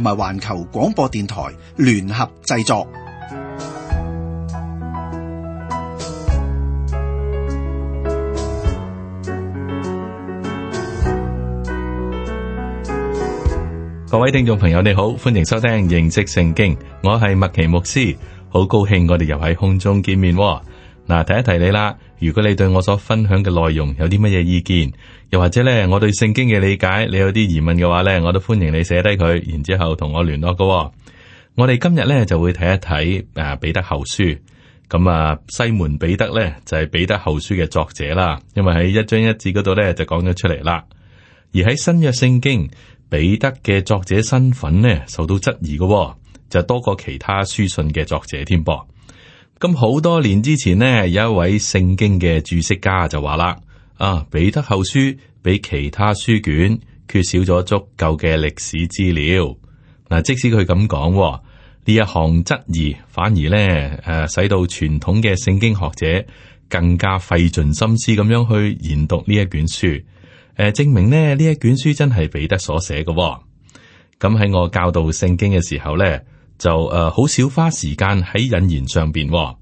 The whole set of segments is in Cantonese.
同埋環球廣播電台聯合製作。各位聽眾朋友你好，歡迎收聽《認識聖經》，我係麥奇牧師，好高興我哋又喺空中見面喎。嗱，提一提你啦。如果你對我所分享嘅內容有啲乜嘢意見，又或者咧，我對聖經嘅理解，你有啲疑問嘅話咧，我都歡迎你寫低佢，然之後同我聯絡噶。我哋今日咧就會睇一睇誒彼得後書。咁啊，西門彼得咧就係彼得後書嘅作者啦。因為喺一章一字嗰度咧就講咗出嚟啦。而喺新約聖經，彼得嘅作者身份咧受到質疑噶，就多過其他書信嘅作者添噃。咁好多年之前呢，有一位聖經嘅注釋家就話啦，啊，彼得後書比其他書卷缺少咗足夠嘅歷史資料。嗱、啊，即使佢咁講，呢、啊、一項質疑反而呢，誒、啊，使到傳統嘅聖經學者更加費盡心思咁樣去研讀呢一卷書。誒、啊，證明呢，呢一卷書真係彼得所寫嘅、啊。咁、啊、喺我教導聖經嘅時候咧。啊就誒，好少花時間喺引言上邊，哦，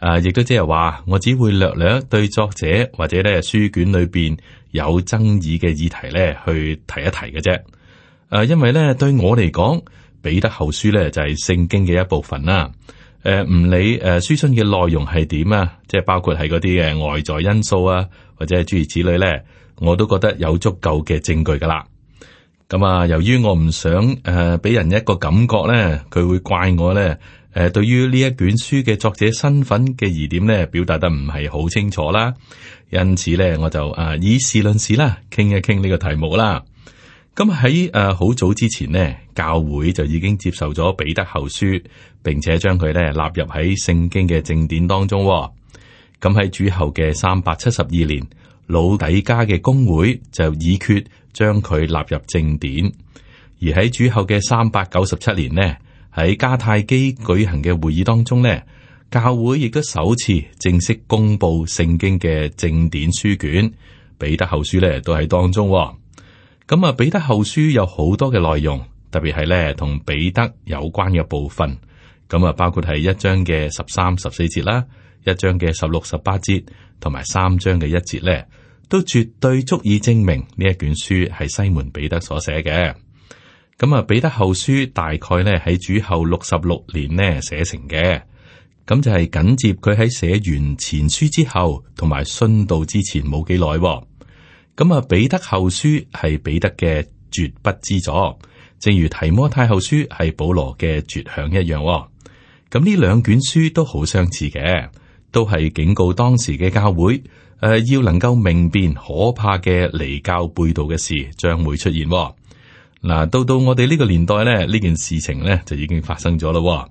誒、啊，亦都即係話，我只會略略對作者或者咧書卷裏邊有爭議嘅議題咧去提一提嘅啫。誒、啊，因為咧對我嚟講，彼得後書咧就係聖經嘅一部分啦。誒、啊，唔理誒書信嘅內容係點啊，即係包括係嗰啲嘅外在因素啊，或者係諸如此類咧，我都覺得有足夠嘅證據噶啦。咁啊，由於我唔想誒俾、呃、人一個感覺咧，佢會怪我咧，誒、呃、對於呢一卷書嘅作者身份嘅疑點咧，表達得唔係好清楚啦，因此咧我就誒、呃、以事論事啦，傾一傾呢個題目啦。咁喺誒好早之前呢，教會就已經接受咗彼得後書，並且將佢咧納入喺聖經嘅正典當中。咁喺主後嘅三百七十二年，老底嘉嘅公會就議決將佢納入正典，而喺主後嘅三百九十七年呢，喺迦太基舉行嘅會議當中呢，教會亦都首次正式公布聖經嘅正典書卷，彼得後書呢都喺當中。咁啊，彼得後書有好多嘅內容，特別係呢同彼得有關嘅部分，咁啊包括係一章嘅十三、十四節啦。一章嘅十六十八節，同埋三章嘅一節咧，都絕對足以證明呢一卷書係西門彼得所寫嘅。咁啊，彼得後書大概咧喺主後六十六年呢寫成嘅。咁就係緊接佢喺寫完前書之後，同埋殉道之前冇幾耐。咁啊，彼得後書係彼得嘅絕筆之作，正如提摩太後書係保羅嘅絕響一樣。咁呢兩卷書都好相似嘅。都係警告當時嘅教會誒、呃，要能夠明辨可怕嘅離教背道嘅事將會出現嗱、哦。到到我哋呢個年代咧，呢件事情咧就已經發生咗啦、哦。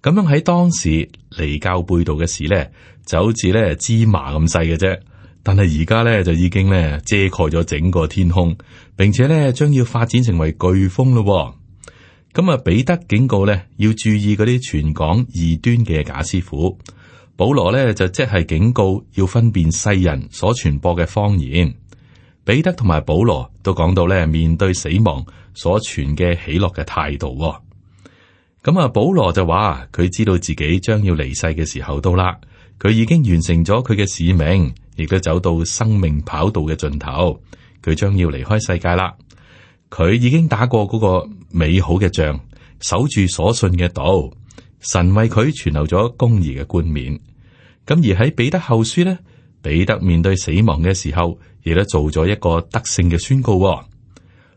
咁樣喺當時離教背道嘅事咧，就好似咧芝麻咁細嘅啫，但係而家咧就已經咧遮蓋咗整個天空，並且咧將要發展成為颶風咯。咁啊，彼得警告咧要注意嗰啲傳講異端嘅假師傅。保羅呢就即、是、係警告，要分辨世人所傳播嘅謊言。彼得同埋保羅都講到呢，面對死亡所傳嘅喜樂嘅態度。咁、嗯、啊，保羅就話佢知道自己將要離世嘅時候到啦，佢已經完成咗佢嘅使命，亦都走到生命跑道嘅盡頭，佢將要離開世界啦。佢已經打過嗰個美好嘅仗，守住所信嘅道。神為佢存留咗公義嘅冠冕，咁而喺彼得後書呢，彼得面對死亡嘅時候，亦都做咗一個得勝嘅宣告。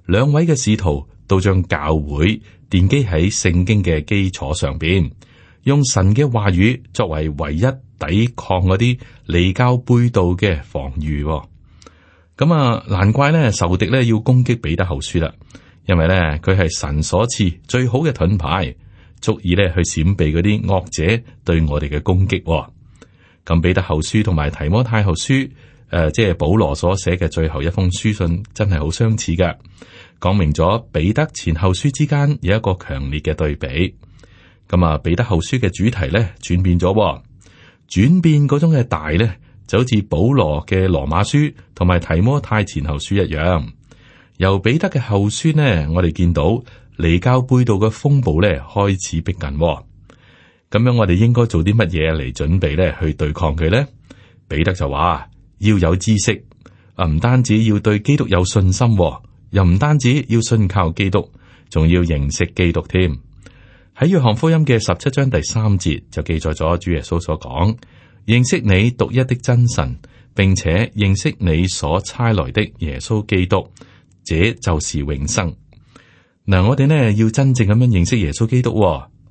兩位嘅使徒都將教會奠基喺聖經嘅基礎上邊，用神嘅話語作為唯一抵抗嗰啲離教背道嘅防禦。咁啊，難怪呢仇敵呢要攻擊彼得後書啦，因為呢，佢係神所賜最好嘅盾牌。足以咧去閃避嗰啲惡者對我哋嘅攻擊，哦。咁彼得後書同埋提摩太後書，誒、呃、即係保羅所寫嘅最後一封書信，真係好相似嘅，講明咗彼得前後書之間有一個強烈嘅對比。咁啊，彼得後書嘅主題咧轉變咗，哦，轉變嗰種嘅大咧，就好似保羅嘅羅馬書同埋提摩太前後書一樣。由彼得嘅後書呢，我哋見到。離教背道嘅風暴咧開始逼近，咁樣我哋應該做啲乜嘢嚟準備咧去對抗佢咧？彼得就話：「要有知識，啊唔單止要對基督有信心，又唔單止要信靠基督，仲要認識基督添。喺約翰福音嘅十七章第三節就記載咗主耶穌所講：「認識你獨一的真神，並且認識你所差來的耶穌基督，這就是永生。嗱，我哋呢要真正咁樣認識耶穌基督，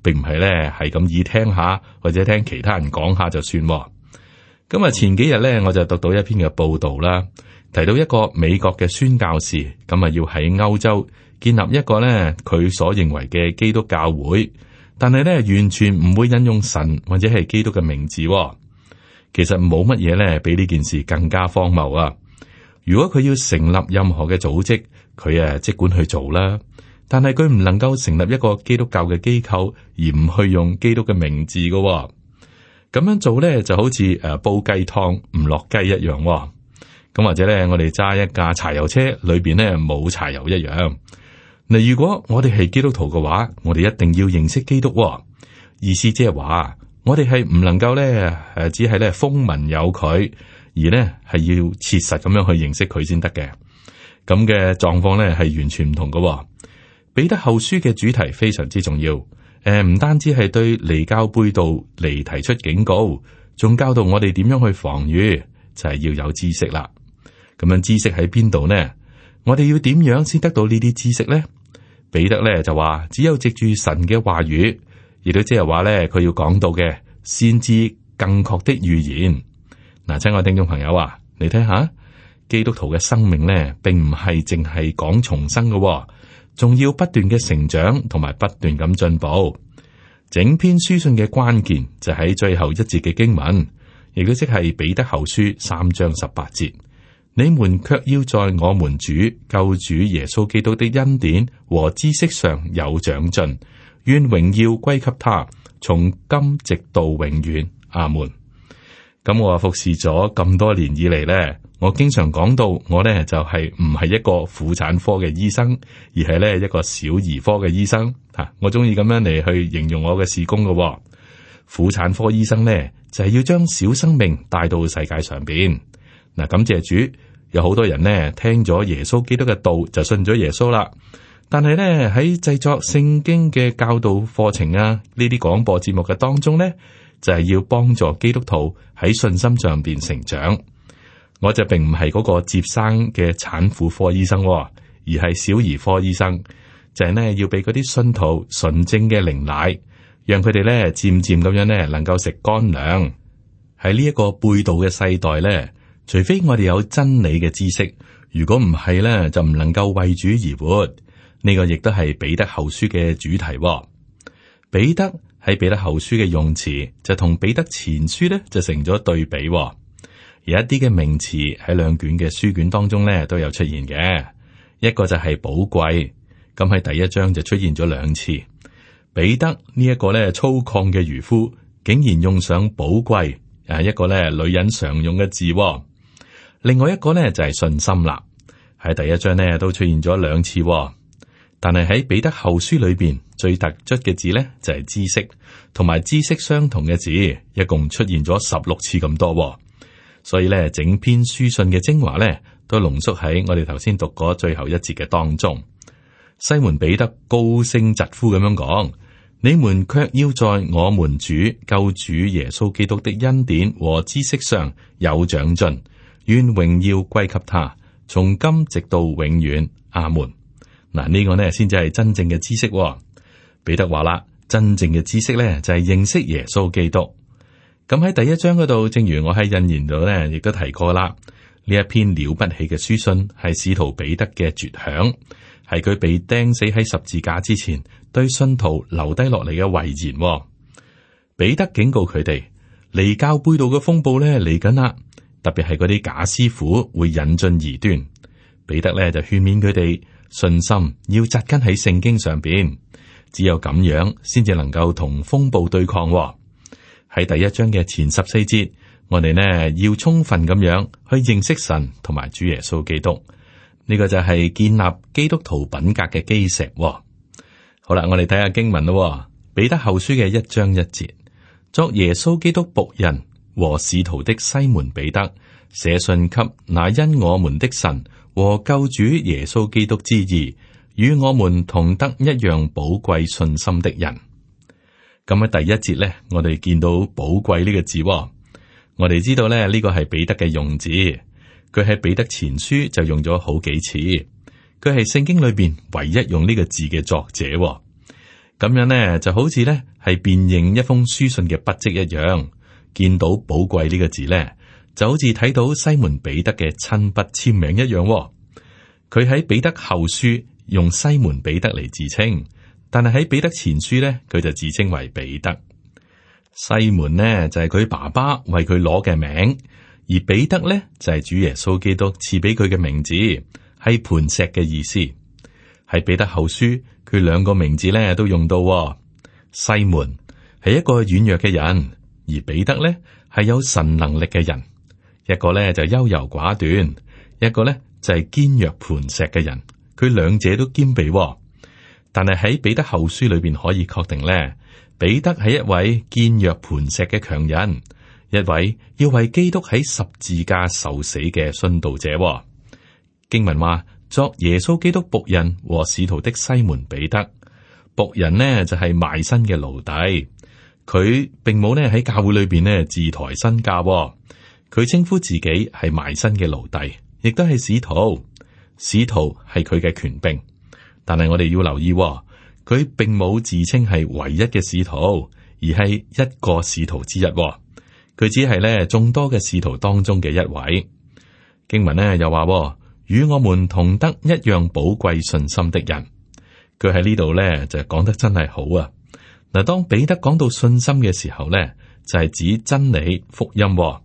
並唔係咧係咁耳聽下或者聽其他人講下就算。咁啊，前幾日咧我就讀到一篇嘅報道啦，提到一個美國嘅宣教士咁啊，要喺歐洲建立一個呢佢所認為嘅基督教會，但係呢完全唔會引用神或者係基督嘅名字。其實冇乜嘢咧，比呢件事更加荒謬啊！如果佢要成立任何嘅組織，佢啊即管去做啦。但係佢唔能夠成立一個基督教嘅機構，而唔去用基督嘅名字嘅、哦，咁樣做咧就好似誒煲雞湯唔落雞一樣、哦，咁或者咧我哋揸一架柴油車裏邊咧冇柴油一樣。嗱，如果我哋係基督徒嘅話，我哋一定要認識基督、哦，意思即係話我哋係唔能夠咧誒，只係咧風聞有佢，而呢係要切實咁樣去認識佢先得嘅。咁嘅狀況咧係完全唔同嘅、哦。彼得後書嘅主題非常之重要，誒、呃，唔單止係對離教背道嚟，提出警告，仲教導我哋點樣去防禦，就係、是、要有知識啦。咁樣知識喺邊度呢？我哋要點樣先得到呢啲知識呢？彼得咧就話，只有藉住神嘅話語，亦都即係話咧，佢要講到嘅先知更確的預言。嗱、呃，親愛聽眾朋友啊，你睇下基督徒嘅生命咧，並唔係淨係講重生噶、哦。仲要不斷嘅成長同埋不斷咁進步，整篇書信嘅關鍵就喺最後一節嘅經文，亦都即係彼得後書三章十八節：你們卻要在我們主救主耶穌基督的恩典和知識上有長進，願榮耀歸給他，從今直到永遠。阿門。咁我服侍咗咁多年以嚟咧。我經常講到，我呢就係唔係一個婦產科嘅醫生，而係呢一個小兒科嘅醫生吓、啊。我中意咁樣嚟去形容我嘅事工嘅、哦。婦產科醫生呢，就係、是、要將小生命帶到世界上邊。嗱、啊，感謝主，有好多人呢聽咗耶穌基督嘅道就信咗耶穌啦。但係呢，喺製作聖經嘅教導課程啊呢啲廣播節目嘅當中呢，就係、是、要幫助基督徒喺信心上邊成長。我就並唔係嗰個接生嘅產婦科醫生、哦，而係小兒科醫生，就係呢，要俾嗰啲信徒純正嘅靈奶，讓佢哋咧漸漸咁樣咧能夠食乾糧。喺呢一個背道嘅世代咧，除非我哋有真理嘅知識，如果唔係咧就唔能夠為主而活。呢個亦都係彼得後書嘅主題、哦。彼得喺彼得後書嘅用詞就同彼得前書咧就成咗對比、哦。有一啲嘅名詞喺兩卷嘅書卷當中咧都有出現嘅。一個就係寶貴，咁喺第一章就出現咗兩次。彼得呢一個咧粗獷嘅漁夫，竟然用上寶貴，誒一個咧女人常用嘅字。另外一個咧就係信心啦，喺第一章咧都出現咗兩次。但係喺彼得後書裏邊最突出嘅字咧就係知識，同埋知識相同嘅字一共出現咗十六次咁多。所以咧，整篇書信嘅精華咧，都濃縮喺我哋頭先讀過最後一節嘅當中。西門彼得高聲疾呼咁樣講：「你們卻要在我們主救主耶穌基督的恩典和知識上有長進，願榮耀歸給他，從今直到永遠。阿門。嗱、啊，呢、這個呢，先至係真正嘅知識、哦。彼得話啦，真正嘅知識咧就係、是、認識耶穌基督。咁喺第一章嗰度，正如我喺引言度咧，亦都提過啦。呢一篇了不起嘅書信，係使徒彼得嘅絕響，係佢被釘死喺十字架之前對信徒留低落嚟嘅遺言。彼得警告佢哋，離教背道嘅風暴咧嚟緊啦，特別係嗰啲假師傅會引進異端。彼得咧就勸勉佢哋，信心要扎根喺聖經上邊，只有咁樣先至能夠同風暴對抗。喺第一章嘅前十四節，我哋呢要充分咁樣去認識神同埋主耶穌基督，呢、這個就係建立基督徒品格嘅基石，哦。好啦，我哋睇下經文咯，哦，彼得後書嘅一章一節，作耶穌基督僕人和使徒的西門彼得，寫信給那因我們的神和救主耶穌基督之義，與我們同得一樣寶貴信心的人。咁喺第一節咧，我哋見到寶貴呢個字，我哋知道咧，呢個係彼得嘅用字，佢喺彼得前書就用咗好幾次，佢係聖經裏邊唯一用呢個字嘅作者。咁樣咧就好似咧係辨認一封書信嘅筆跡一樣，見到寶貴呢個字咧，就好似睇到西門彼得嘅親筆簽名一樣。佢喺彼得後書用西門彼得嚟自稱。但係喺彼得前書咧，佢就自稱為彼得。西門呢，就係、是、佢爸爸為佢攞嘅名，而彼得咧就係、是、主耶穌基督賜俾佢嘅名字，係磐石嘅意思。喺彼得後書，佢兩個名字咧都用到、哦。西門係一個軟弱嘅人，而彼得咧係有神能力嘅人。一個咧就優柔寡斷，一個咧就係、是、堅若磐石嘅人。佢兩者都兼備、哦。但係喺彼得後書裏邊可以確定咧，彼得係一位堅若磐石嘅強人，一位要為基督喺十字架受死嘅殉道者、哦。經文話：作耶穌基督僕人和使徒的西門彼得，僕人呢就係、是、賣身嘅奴隸，佢並冇呢喺教會裏邊呢自抬身價，佢稱呼自己係賣身嘅奴隸，亦都係使徒，使徒係佢嘅權柄。但係我哋要留意，佢並冇自稱係唯一嘅使徒，而係一個使徒之一。佢只係咧眾多嘅使徒當中嘅一位。經文咧又話，與我們同得一樣寶貴信心的人，佢喺呢度咧就講得真係好啊！嗱，當彼得講到信心嘅時候咧，就係指真理、福音。誒、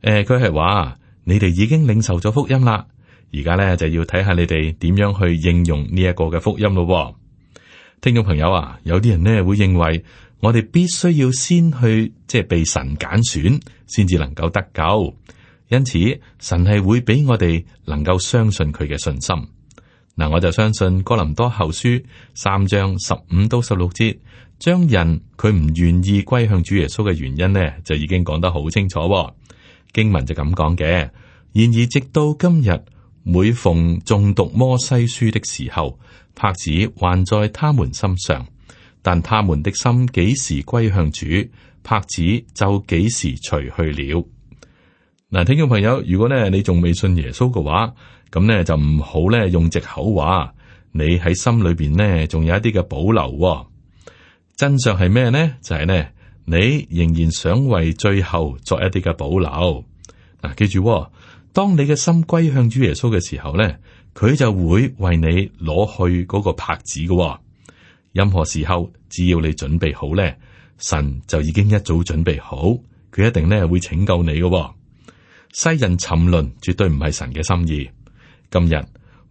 呃，佢係話，你哋已經領受咗福音啦。而家咧就要睇下你哋點樣去應用呢一個嘅福音咯，聽眾朋友啊，有啲人呢會認為我哋必須要先去即係被神揀選，先至能夠得救。因此，神係會俾我哋能夠相信佢嘅信心。嗱，我就相信哥林多後書三章十五到十六節，將人佢唔願意歸向主耶穌嘅原因呢，就已經講得好清楚。經文就咁講嘅。然而直到今日。每逢誦讀摩西書的時候，帕子還在他們心上，但他們的心幾時歸向主，帕子就幾時除去了。嗱，聽眾朋友，如果咧你仲未信耶穌嘅話，咁呢就唔好咧用藉口話，你喺心裏邊呢，仲有一啲嘅保留、哦。真相係咩呢？就係呢，你仍然想為最後作一啲嘅保留。嗱，記住、哦。當你嘅心歸向主耶穌嘅時候咧，佢就會為你攞去嗰個拍子嘅、哦。任何時候只要你準備好咧，神就已經一早準備好，佢一定咧會拯救你嘅、哦。世人沉淪絕對唔係神嘅心意。今日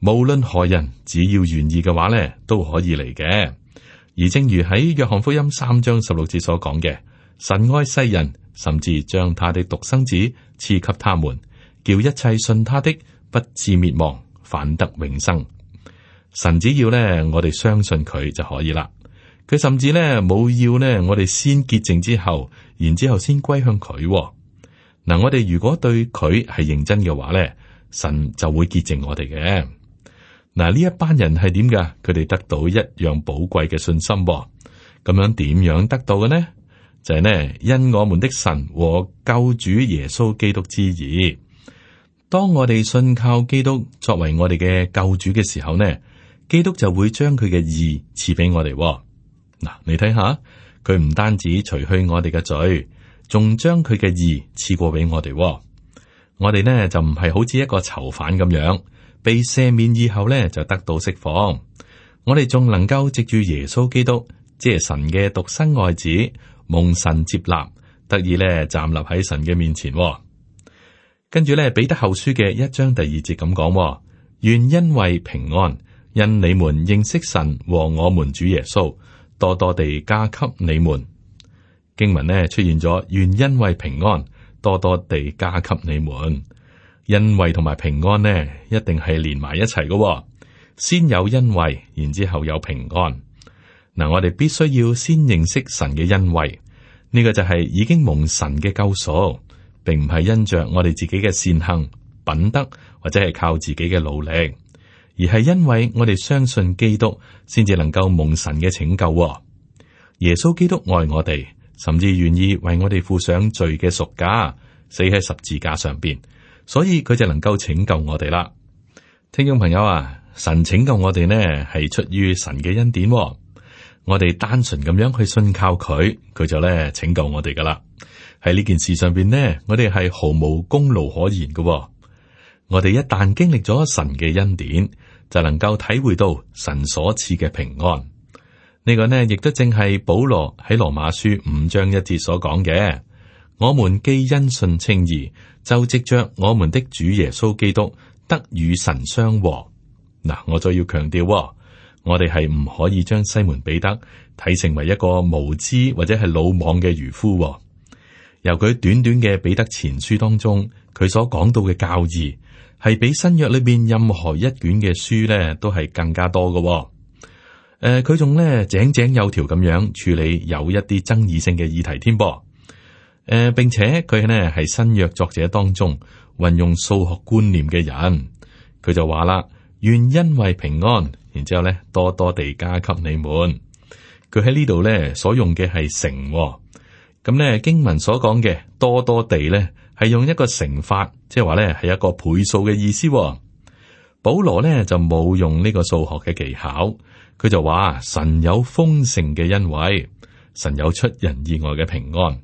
無論何人，只要願意嘅話咧，都可以嚟嘅。而正如喺約翰福音三章十六節所講嘅，神愛世人，甚至將他的獨生子賜給他們。叫一切信他的，不至滅亡，反得永生。神只要呢，我哋相信佢就可以啦。佢甚至呢，冇要呢，我哋先潔淨之後，然之後先歸向佢嗱。我哋如果對佢係認真嘅話呢，神就會潔淨我哋嘅嗱。呢一班人係點噶？佢哋得到一樣寶貴嘅信心，咁樣點樣得到嘅呢？就係呢，因我們的神和救主耶穌基督之義。當我哋信靠基督作為我哋嘅救主嘅時候呢，基督就會將佢嘅義賜俾我哋。嗱、啊，你睇下，佢唔單止除去我哋嘅罪，仲將佢嘅義賜過俾我哋。我哋呢就唔係好似一個囚犯咁樣，被赦免以後呢就得到釋放。我哋仲能夠藉住耶穌基督，即係神嘅獨生愛子，蒙神接納，得以呢站立喺神嘅面前。跟住咧，彼得後書嘅一章第二節咁講，哦，願恩惠平安，因你們認識神和我們主耶穌，多多地加給你們。經文咧出現咗，願恩惠平安，多多地加給你們。恩惠同埋平安呢，一定係連埋一齊噶、哦，先有恩惠，然之後有平安。嗱，我哋必須要先認識神嘅恩惠，呢、這個就係已經蒙神嘅救贖。並唔係因着我哋自己嘅善行、品德或者係靠自己嘅努力，而係因為我哋相信基督，先至能夠蒙神嘅拯救。耶穌基督愛我哋，甚至願意為我哋付上罪嘅贖價，死喺十字架上邊，所以佢就能夠拯救我哋啦。聽眾朋友啊，神拯救我哋呢係出於神嘅恩典。我哋單純咁樣去信靠佢，佢就咧拯救我哋噶啦。喺呢件事上邊呢，我哋係毫無功勞可言噶，哦。我哋一旦經歷咗神嘅恩典，就能夠體會到神所賜嘅平安。呢、呢個呢亦都正係保羅喺羅馬書五章一節所講嘅：我們既因信稱義，就藉着我們的主耶穌基督得與神相和。嗱，我再要強調，哦。我哋係唔可以將西門彼得睇成為一個無知或者係魯莽嘅漁夫、哦，由佢短短嘅彼得前書當中，佢所講到嘅教義係比新約裏邊任何一卷嘅書咧都係更加多嘅、哦。誒、呃，佢仲咧井井有條咁樣處理有一啲爭議性嘅議題添噃。誒，並且佢咧係新約作者當中運用數學觀念嘅人，佢就話啦：願因為平安。然之後咧，多多地加給你們，佢喺呢度咧所用嘅係乘，咁咧經文所講嘅多多地咧係用一個乘法，即係話咧係一個倍數嘅意思，哦。保羅咧就冇用呢個數學嘅技巧，佢就話神有豐盛嘅恩惠，神有出人意外嘅平安，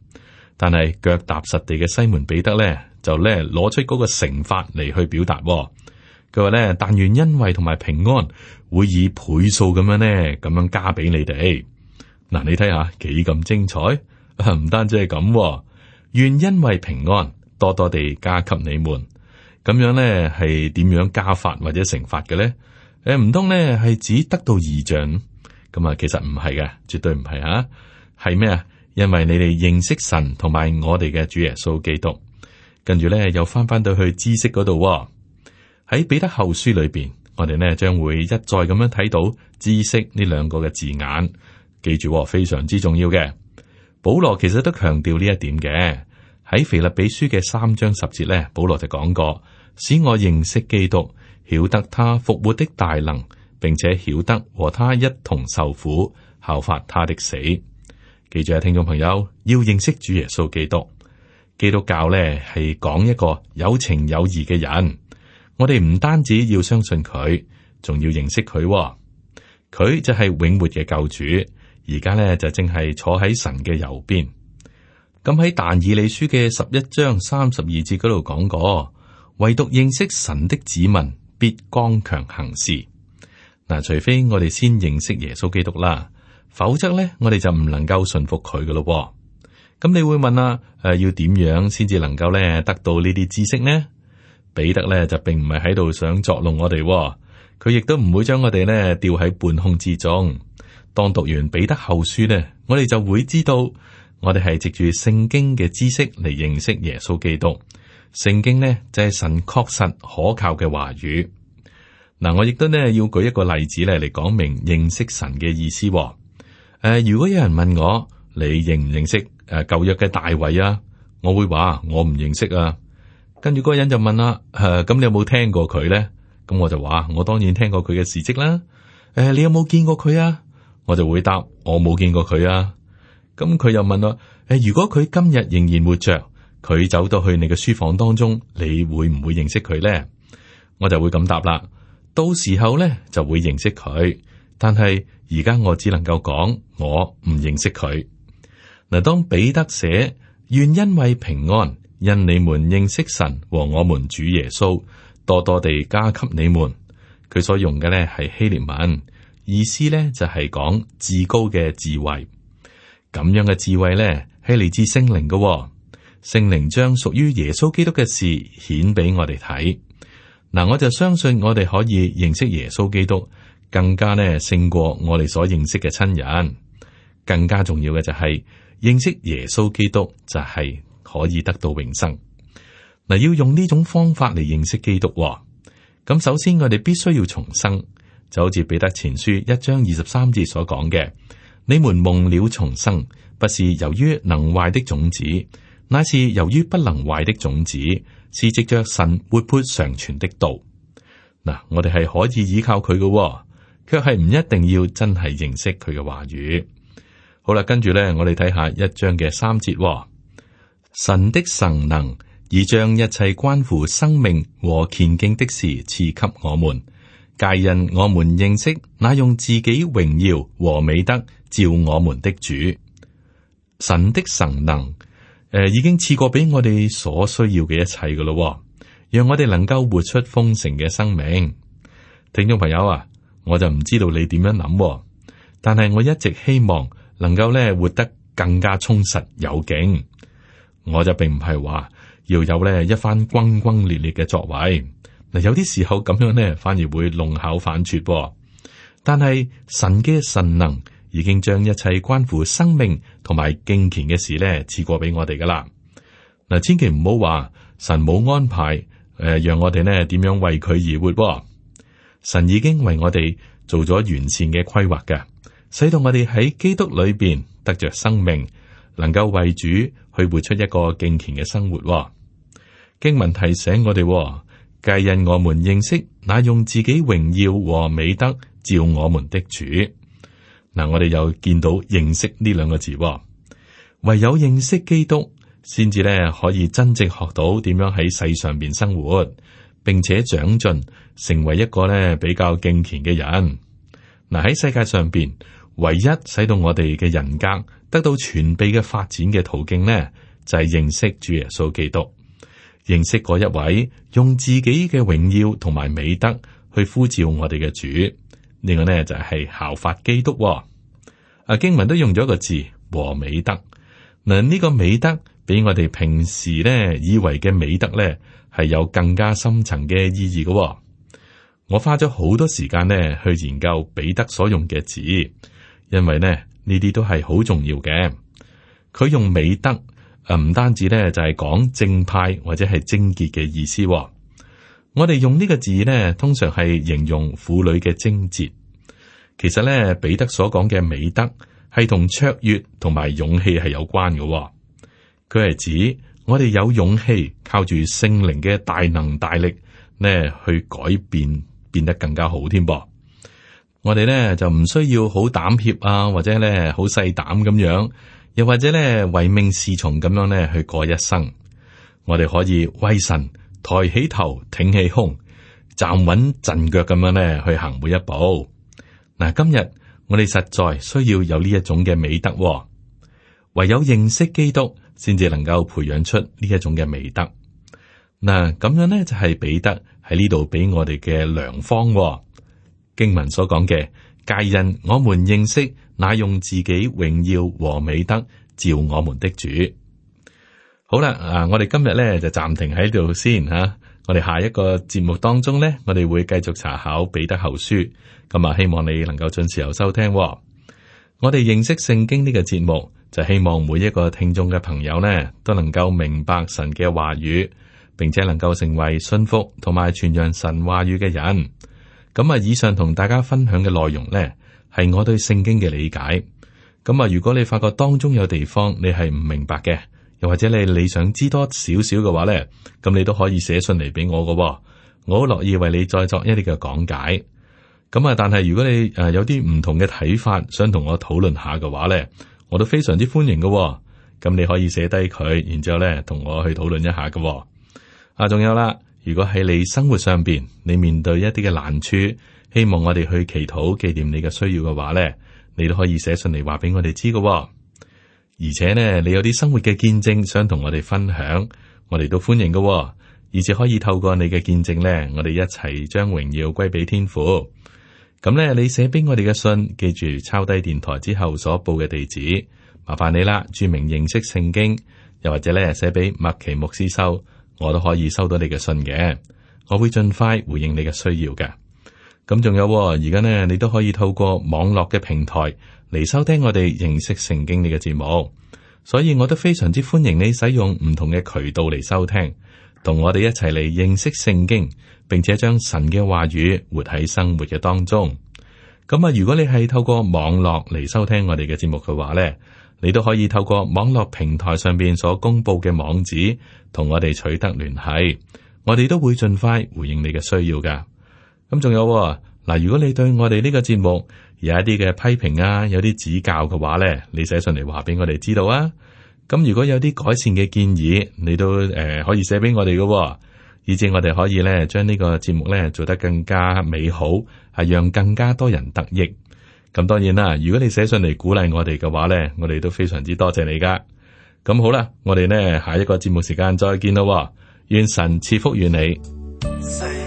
但係腳踏實地嘅西門彼得咧就咧攞出嗰個乘法嚟去表達，哦。佢話咧，但願恩惠同埋平安會以倍數咁樣咧，咁樣加俾你哋。嗱，你睇下幾咁精彩，唔單止係咁，願恩惠平安多多地加給你們。咁、啊啊、樣咧係點樣加法或者乘法嘅咧？誒、啊，唔通咧係只得到異象？咁啊，其實唔係嘅，絕對唔係啊！係咩啊？因為你哋認識神同埋我哋嘅主耶穌基督，跟住咧又翻翻到去知識嗰度、啊。喺彼得後書裏邊，我哋呢將會一再咁樣睇到知識呢兩個嘅字眼。記住哦，非常之重要嘅。保羅其實都強調呢一點嘅，喺《腓立比書》嘅三章十節呢，保羅就講過，使我認識基督，曉得他復活的大能，並且曉得和他一同受苦，效法他的死。記住啊，聽眾朋友要認識主耶穌基督。基督教呢，係講一個有情有義嘅人。我哋唔單止要相信佢，仲要認識佢，哦。佢就係永活嘅救主，而家咧就正係坐喺神嘅右邊。咁，嗯，喺但以理書嘅十一章三十二節嗰度講過，唯獨認識神的子民，必剛強行事嗱，啊。除非我哋先認識耶穌基督啦，否則咧我哋就唔能夠順服佢噶咯。咁，嗯，你會問啊？誒，要點樣先至能夠咧得到呢啲知識呢？彼得咧就並唔係喺度想作弄我哋，佢亦都唔會將我哋呢吊喺半空之中。當讀完彼得後書呢，我哋就會知道我哋係藉住聖經嘅知識嚟認識耶穌基督。聖經呢，就係神確實可靠嘅話語。嗱，我亦都呢要舉一個例子咧嚟講明認識神嘅意思。誒，如果有人問我，你認唔認識誒舊約嘅大衛啊，我會話我唔認識啊。跟住嗰個人就問啦，誒、啊，咁你有冇聽過佢咧？咁我就話，我當然聽過佢嘅事跡啦。誒、啊，你有冇見過佢啊？我就會答，我冇見過佢啊。咁佢又問啦，誒、啊，如果佢今日仍然活着，佢走到去你嘅書房當中，你會唔會認識佢咧？我就會咁答啦。到時候咧就會認識佢，但係而家我只能夠講，我唔認識佢。嗱，當彼得寫願恩惠平安。因你們認識神和我們主耶穌，多多地加給你們。佢所用嘅呢係希臘文，意思呢就係講至高嘅智慧。咁樣嘅智慧呢係嚟自聖靈嘅，聖靈將屬於耶穌基督嘅事顯俾我哋睇。嗱，我就相信我哋可以認識耶穌基督，更加呢勝過我哋所認識嘅親人。更加重要嘅就係認識耶穌基督就係、是。可以得到永生嗱，要用呢種方法嚟認識基督喎。咁首先，我哋必須要重生，就好似彼得前書一章二十三節所講嘅：你們蒙了重生，不是由於能壞的種子，乃是由於不能壞的種子，是藉着神活潑常存的道。嗱，我哋係可以依靠佢嘅喎，卻係唔一定要真係認識佢嘅話語。好啦，跟住咧，我哋睇下一章嘅三節喎。神的神能已將一切關乎生命和虔敬的事賜給我們，皆因我們認識那用自己榮耀和美德召我們的主神的神能。誒、呃，已經賜過俾我哋所需要嘅一切嘅咯，讓我哋能夠活出豐盛嘅生命。聽眾朋友啊，我就唔知道你點樣諗、哦，但係我一直希望能夠咧活得更加充實有勁。我就並唔係話要有咧一番轟轟烈烈嘅作為嗱，有啲時候咁樣呢，反而會弄巧反拙。但係神嘅神能已經將一切關乎生命同埋敬虔嘅事呢，賜過俾我哋噶啦嗱，千祈唔好話神冇安排誒，讓我哋呢點樣為佢而活。神已經為我哋做咗完善嘅規劃，㗎使到我哋喺基督裏邊得着生命，能夠為主，去活出一個敬虔嘅生活，哦。經文提醒我哋，皆因我們認識那用自己榮耀和美德照我們的主。嗱，我哋又見到認識呢兩個字，哦，唯有認識基督，先至咧可以真正學到點樣喺世上邊生活，並且長進，成為一個咧比較敬虔嘅人。嗱喺世界上邊，唯一使到我哋嘅人格，得到全備嘅發展嘅途徑呢，就係、是、認識主耶穌基督，認識嗰一位用自己嘅榮耀同埋美德去呼召我哋嘅主。另、這、外、個、呢，就係、是、效法基督、哦。阿、啊、經文都用咗一個字，和美德。嗱、這、呢個美德比我哋平時呢以為嘅美德呢係有更加深層嘅意義嘅、哦。我花咗好多時間呢去研究彼得所用嘅字，因為呢。呢啲都係好重要嘅，佢用美德，誒、呃、唔單止咧就係、是、講正派或者係貞潔嘅意思、哦。我哋用呢個字咧，通常係形容婦女嘅貞潔。其實咧，彼得所講嘅美德係同卓越同埋勇氣係有關嘅、哦。佢係指我哋有勇氣，靠住聖靈嘅大能大力呢去改變，變得更加好添噃。我哋咧就唔需要好膽怯啊，或者咧好細膽咁樣，又或者咧唯命是從咁樣咧去過一生。我哋可以為神抬起頭、挺起胸、站穩陣腳咁樣咧去行每一步。嗱，今日我哋實在需要有呢一種嘅美德，唯有認識基督，先至能夠培養出呢一種嘅美德。嗱，咁樣咧就係彼得喺呢度俾我哋嘅良方。經文所講嘅，皆因，我們認識那用自己榮耀和美德召我們的主。好啦，啊，我哋今日咧就暫停喺度先吓，啊，我哋下一個節目當中呢，我哋會繼續查考彼得後書。咁、嗯、啊，希望你能夠準時又收聽，哦。我哋認識聖經呢個節目，就希望每一個聽眾嘅朋友呢，都能夠明白神嘅話語，並且能夠成為信服同埋傳揚神話語嘅人。咁啊，以上同大家分享嘅內容咧，係我對聖經嘅理解。咁啊，如果你發覺當中有地方你係唔明白嘅，又或者你理想知多少少嘅話咧，咁你都可以寫信嚟，畀我噶，我好樂意為你再作一啲嘅講解。咁啊，但係如果你誒有啲唔同嘅睇法，想同我討論下嘅話咧，我都非常之歡迎噶。咁你可以寫低佢，然之後咧同我去討論一下噶。啊，仲有啦。如果喺你生活上邊，你面對一啲嘅難處，希望我哋去祈禱紀念你嘅需要嘅話呢，你都可以寫信嚟話俾我哋知嘅。而且呢，你有啲生活嘅見證想同我哋分享，我哋都歡迎嘅。而且可以透過你嘅見證呢，我哋一齊將榮耀歸俾天父。咁呢，你寫俾我哋嘅信，記住抄低電台之後所報嘅地址，麻煩你啦，注明認識聖經，又或者呢，寫俾麥奇牧師收。我都可以收到你嘅信嘅，我會盡快回應你嘅需要嘅。咁仲有，而家呢，你都可以透過網絡嘅平台嚟收聽我哋認識聖經呢個節目，所以我都非常之歡迎你使用唔同嘅渠道嚟收聽，同我哋一齊嚟認識聖經，並且將神嘅話語活喺生活嘅當中。咁啊，如果你係透過網絡嚟收聽我哋嘅節目嘅話呢。你都可以透過網絡平台上邊所公布嘅網址，同我哋取得聯繫，我哋都會盡快回應你嘅需要㗎。咁仲有嗱，如果你對我哋呢個節目有一啲嘅批評啊，有啲指教嘅話咧，你寫信嚟話俾我哋知道啊。咁如果有啲改善嘅建議，你都誒可以寫俾我哋嘅，以至我哋可以咧將呢個節目咧做得更加美好，係讓更加多人得益。咁當然啦，如果你寫信嚟鼓勵我哋嘅話咧，我哋都非常之多謝你㗎。咁好啦，我哋咧下一個節目時間再見啦，願神賜福與你。